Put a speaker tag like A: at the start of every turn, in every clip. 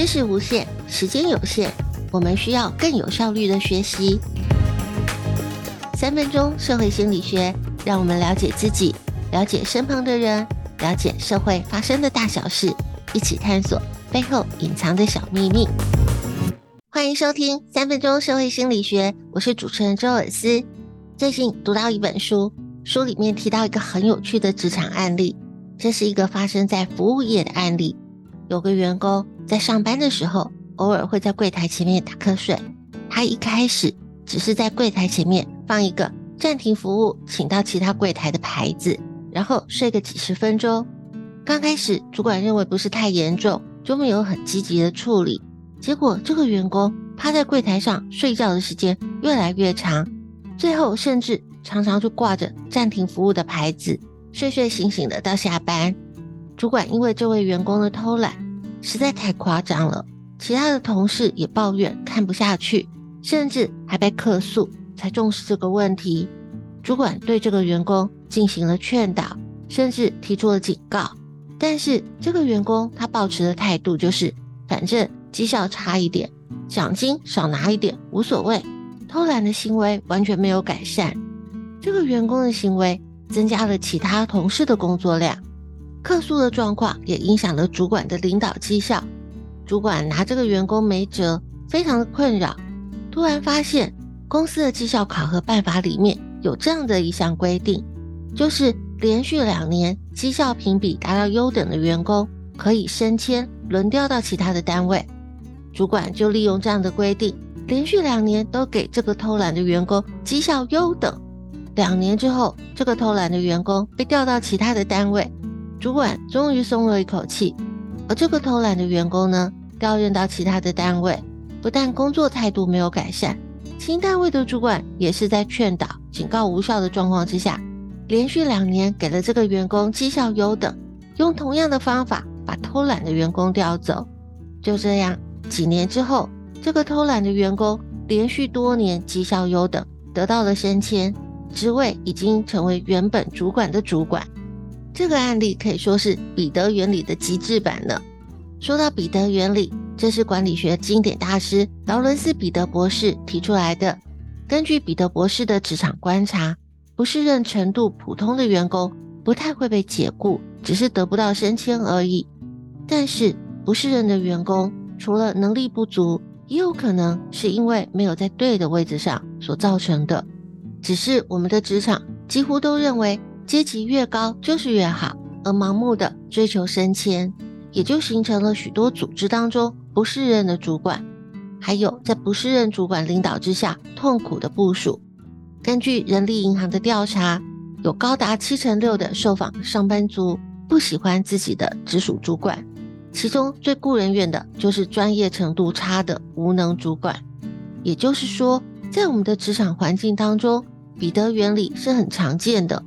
A: 知識無限，時間有限，我們需要更有效率的學習。三分鐘社會心理學，讓我們了解自己，了解身旁的人，了解社會發生的大小事，一起探索背後隱藏的小秘密。歡迎收聽三分鐘社會心理學，我是主持人周爾斯。最近讀到一本書，書裡面提到一個很有趣的職場案例，這是一個發生在服務業的案例，有個員工。在上班的時候，偶爾會在櫃台前面打瞌睡。他一開始只是在櫃台前面放一個暫停服務，請到其他櫃台的牌子，然後睡個幾十分鐘。剛開始，主管認為不是太嚴重，就沒有很積極的處理。結果，這個員工趴在櫃台上睡覺的時間越來越長，最後甚至常常就掛着暫停服務的牌子，睡睡醒醒的到下班。主管因為這位員工的偷懶，實在太誇張了，其他的同事也抱怨看不下去，甚至還被客訴，才重視這個問題。主管對這個員工進行了勸導，甚至提出了警告。但是這個員工他抱持的態度就是，反正績效差一點，獎金少拿一點，無所謂，偷懶的行為完全沒有改善。這個員工的行為增加了其他同事的工作量。客訴的狀況也影響了主管的領導績效，主管拿這個員工沒轍，非常的困擾。突然發現公司的績效考核辦法裡面有這樣的一項規定，就是連續兩年績效評比達到優等的員工可以升遷輪調到其他的單位。主管就利用這樣的規定，連續兩年都給這個偷懶的員工績效優等。兩年之後，這個偷懶的員工被調到其他的單位。主管終於鬆了一口氣，而這個偷懶的員工呢，調任到其他的單位，不但工作態度沒有改善，新單位的主管也是在勸導、警告無效的狀況之下，連續兩年給了這個員工績效優等，用同樣的方法把偷懶的員工調走。就這樣，幾年之後，這個偷懶的員工連續多年績效優等，得到了升遷，職位已經成為原本主管的主管。這個案例可以說是彼得原理的極致版了。說到彼得原理，這是管理學經典大師勞倫斯·彼得博士提出來的。根據彼得博士的職場觀察，不適任程度普通的員工不太會被解雇，只是得不到升遷而已。但是不適任的員工，除了能力不足，也有可能是因為沒有在對的位置上所造成的。只是我們的職場幾乎都認為。階級越高就是越好，而盲目的追求升遷，也就形成了許多組織當中不適任的主管，還有在不適任主管領導之下痛苦的部署。根據人力銀行的調查，有高達七成六的受訪上班族不喜歡自己的直屬主管，其中最顧人怨的就是專業程度差的無能主管。也就是說，在我們的職場環境當中，彼得原理是很常見的。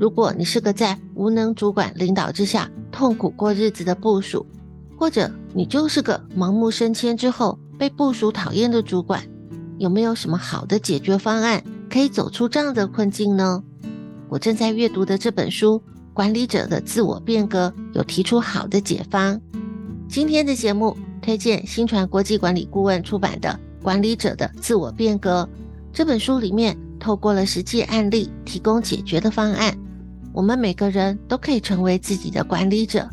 A: 如果你是個在無能主管領導之下痛苦過日子的部屬，或者你就是個盲目升遷之後，被部屬討厭的主管，有沒有什麼好的解決方案可以走出這樣的困境呢？我正在閱讀的這本書《管理者的自我變革》有提出好的解方。今天的節目推薦薪傳國際管理顧問出版的《管理者的自我變革》這本書，裡面透過了實際案例提供解決的方案。我們每個人都可以成為自己的管理者。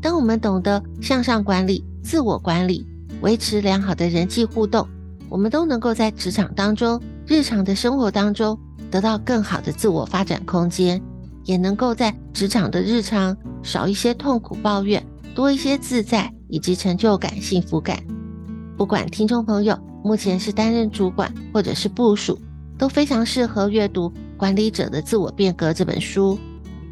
A: 當我們懂得向上管理、自我管理、維持良好的人際互動，我們都能夠在職場當中、日常的生活當中得到更好的自我發展空間，也能夠在職場的日常少一些痛苦抱怨，多一些自在以及成就感、幸福感。不管聽眾朋友目前是擔任主管或者是部屬，都非常適合閱讀《管理者的自我變革》這本書。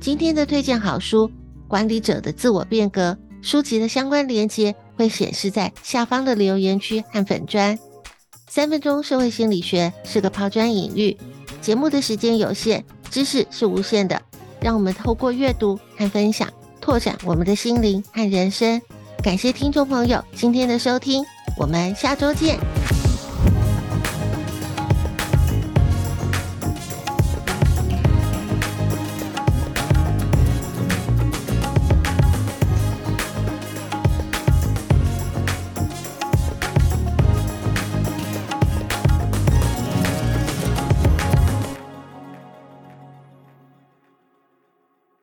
A: 今天的推薦好書《管理者的自我變革》，書籍的相關連接會顯示在下方的留言區和粉專。三分鐘社會心理學是個拋磚引玉，節目的時間有限，知識是無限的，讓我們透過閱讀和分享，拓展我們的心靈和人生。感謝聽眾朋友今天的收聽，我們下週見。